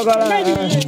agora.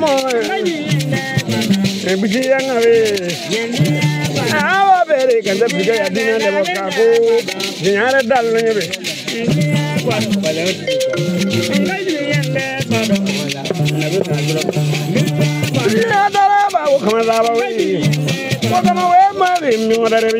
mo ebiji yangawe awa bere kanda biga yadina ne bakapo nyare dal no nyebe nadara ba wo kama daba we wo kama we mari mi wadare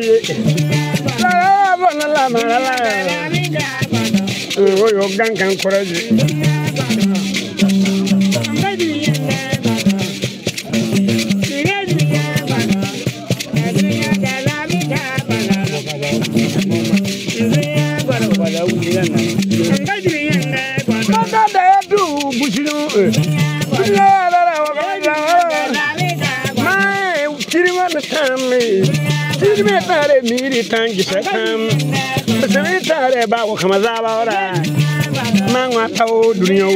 wucino mai cirma na tammi cirme tare miri tan gisa tam sami tare ba ko kama zaba ora ma ngwa tawo dunyo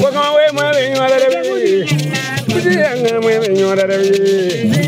ko kama we ma le nyora de bi ji nga me nyora de bi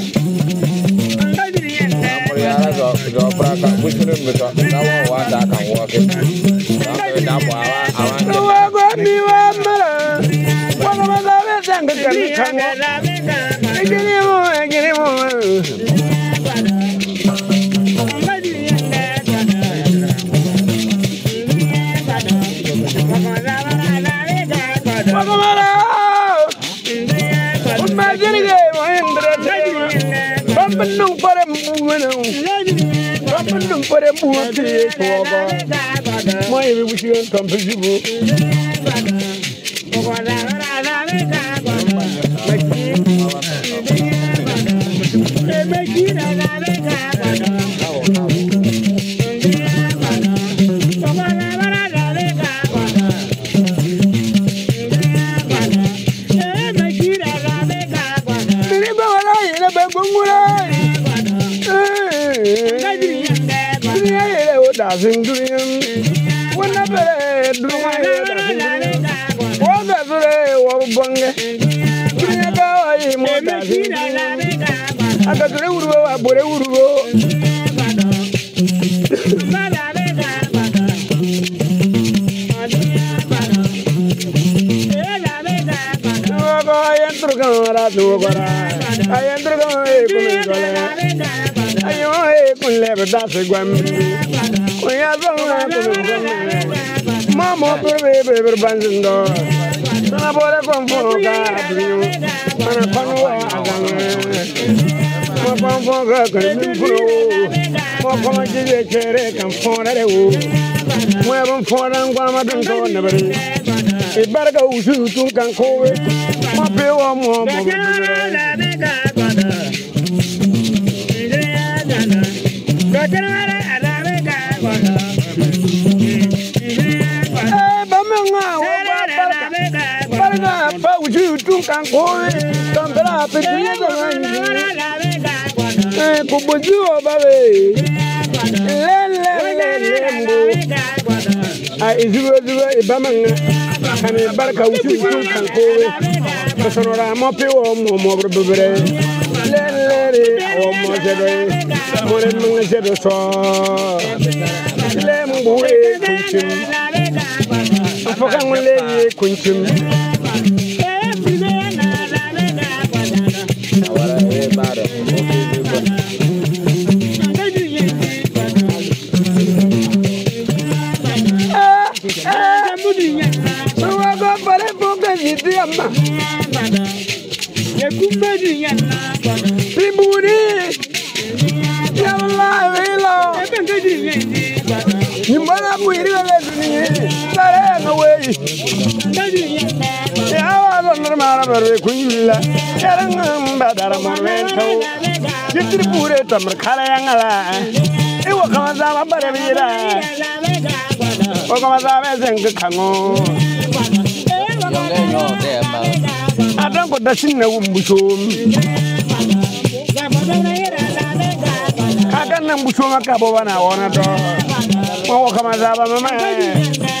I'm zo praka bushurun be san ga kan kan wa gini mu gini mu wẽnnaw tõp n dũm pa rẽ bũmb tɩ tʋɔgɔ moã yɩ bɩ wisigrã n tõm pa zubo singurian wona bere dunga wa da zure wa bonge dunya ba wa yi mo da singurian aga zure uruwo wa bore uruwo Ayendrugan e Mama baby baby banzindo Sana bore konfo ka biu Sana konwa agame Ma konfo ka kemi pro Ma konwa jije chere kan fona de wo Mwe bon fona ngwa ma dun to ne bari Ibarga usu tun Tanga, Wabaraka, Barna, Pauju, Tunkan, Koi, Tambra, Pedro, Pubuzu, Babe, Lele, a izuro zuwa ibamanga kane barka wutu wutu kan kowe kasanora mo pe wo mo mo brebere lele o mo jedo e. mo re mo jedo so le mbure kuchu Quinton. I don't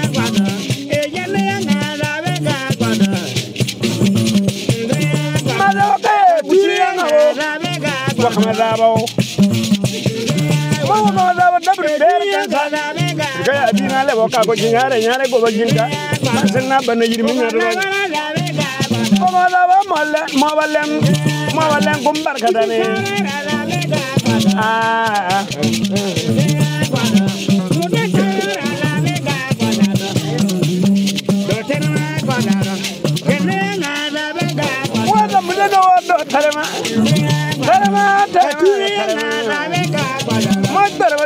makamazabo mama mazabo dabri berta ga adina le boka go jinyare nyare go bajinda sanna bana yirmi nyare mama mazabo malle mawallen mawallen gumbar kadane ah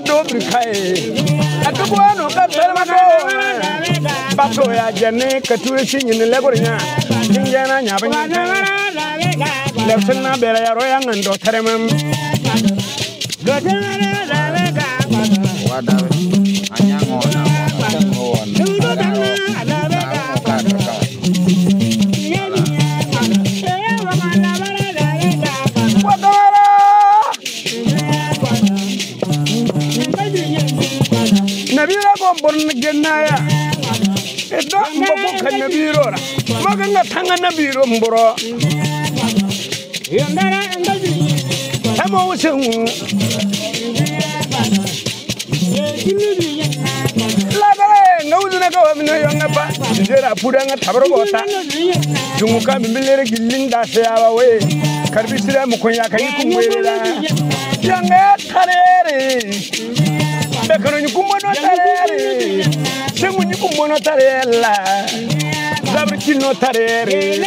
do brikai atuko ano nabira ko bon gennaya e do mbo ka nabiro ra maga nga tanga nabiro mboro yandara n d a l b a r a m o y o n e nga j u n g ka o k kono nyuku mbono tarere sengu nyuku mbono tarela zabri chino tarere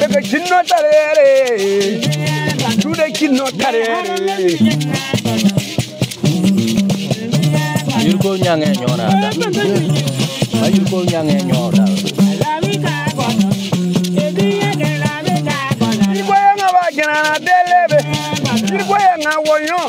daga chino tarere duda chino tarere yurko nyange nyora da yurko nyange nyora Yirgo yanga wa delebe, yirgo yanga wa yon.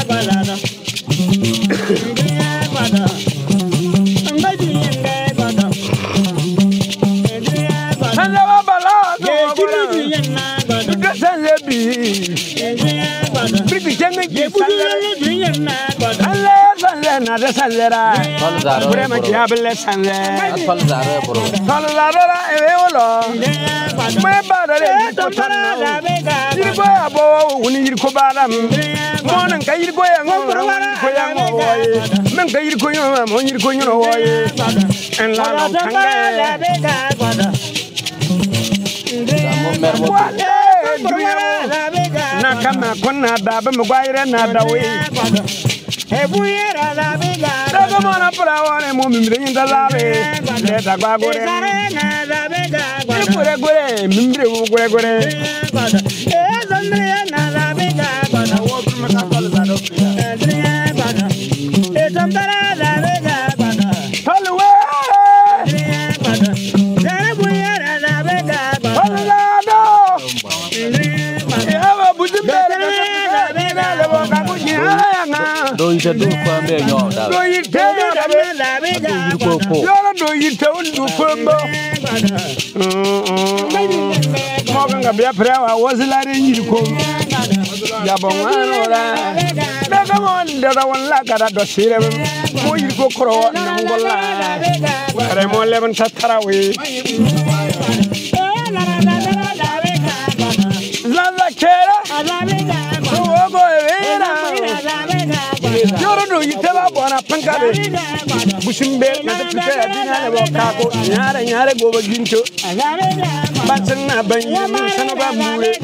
jera bure na kama na dawe ebuyera la nhyɛ do kwan bɛɛ nyɛ ɔda ado yiri kɔkɔ yɔrɔ do yi tɛ o du fɛn bɔ mɔgɔ kan ka bila pɛrɛ wa wɔsilare yiri ko yabɔ ŋmaara o la bɛɛ ka mɔ dada wɔn la ka da dɔ seere mɔ ko kɔrɔ namgɔ la wɛrɛ mɔ lɛbɛn ta tara kitaba bona pankale bushimbe na tafiya ya dina nyare nyare ba mure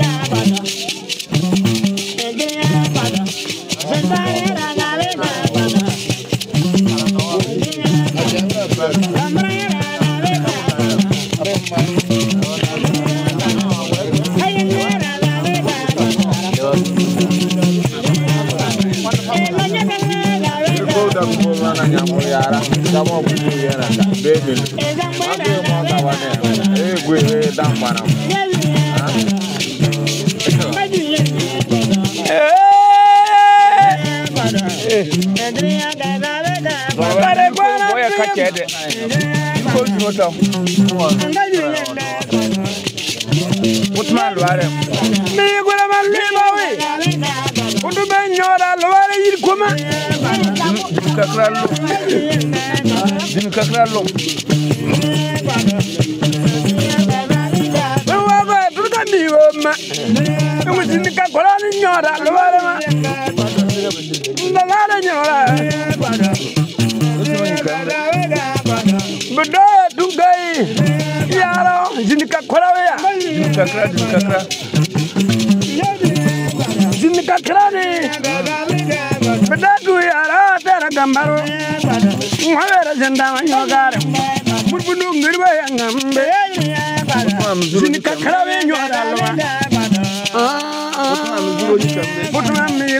Thank you. sabu ko mana nyamu yara sabu ko mu yara da bebel abe mo ta wane e gwe e kakra lo di mi kakra lo. Wíwá ma, ìwé ti kakọ́lá ní nyọ̀ọ́dà lọ́wọ́ ma, ńlọ́lá rẹ̀ nyọ̀ọ́dà. Bidɔɔ dunga yi, yaarɔ, zini kakɔlɔ kakra, zini kakra. Zini kakra. ngambaro yebada ngwavera zendavanyokare muri vunungiri vayangambe zvinikakhala venyoralwa vutunamiyigwire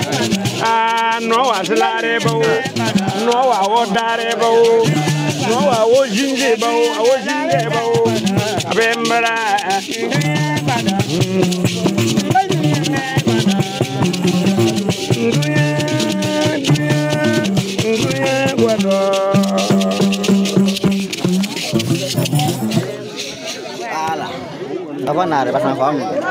nɔwa silare bawo nɔwa wo dare bawo nɔwa wo zinze bawo awo zinze bawo a bɛ n bara. Apa nak ada pasang kamu?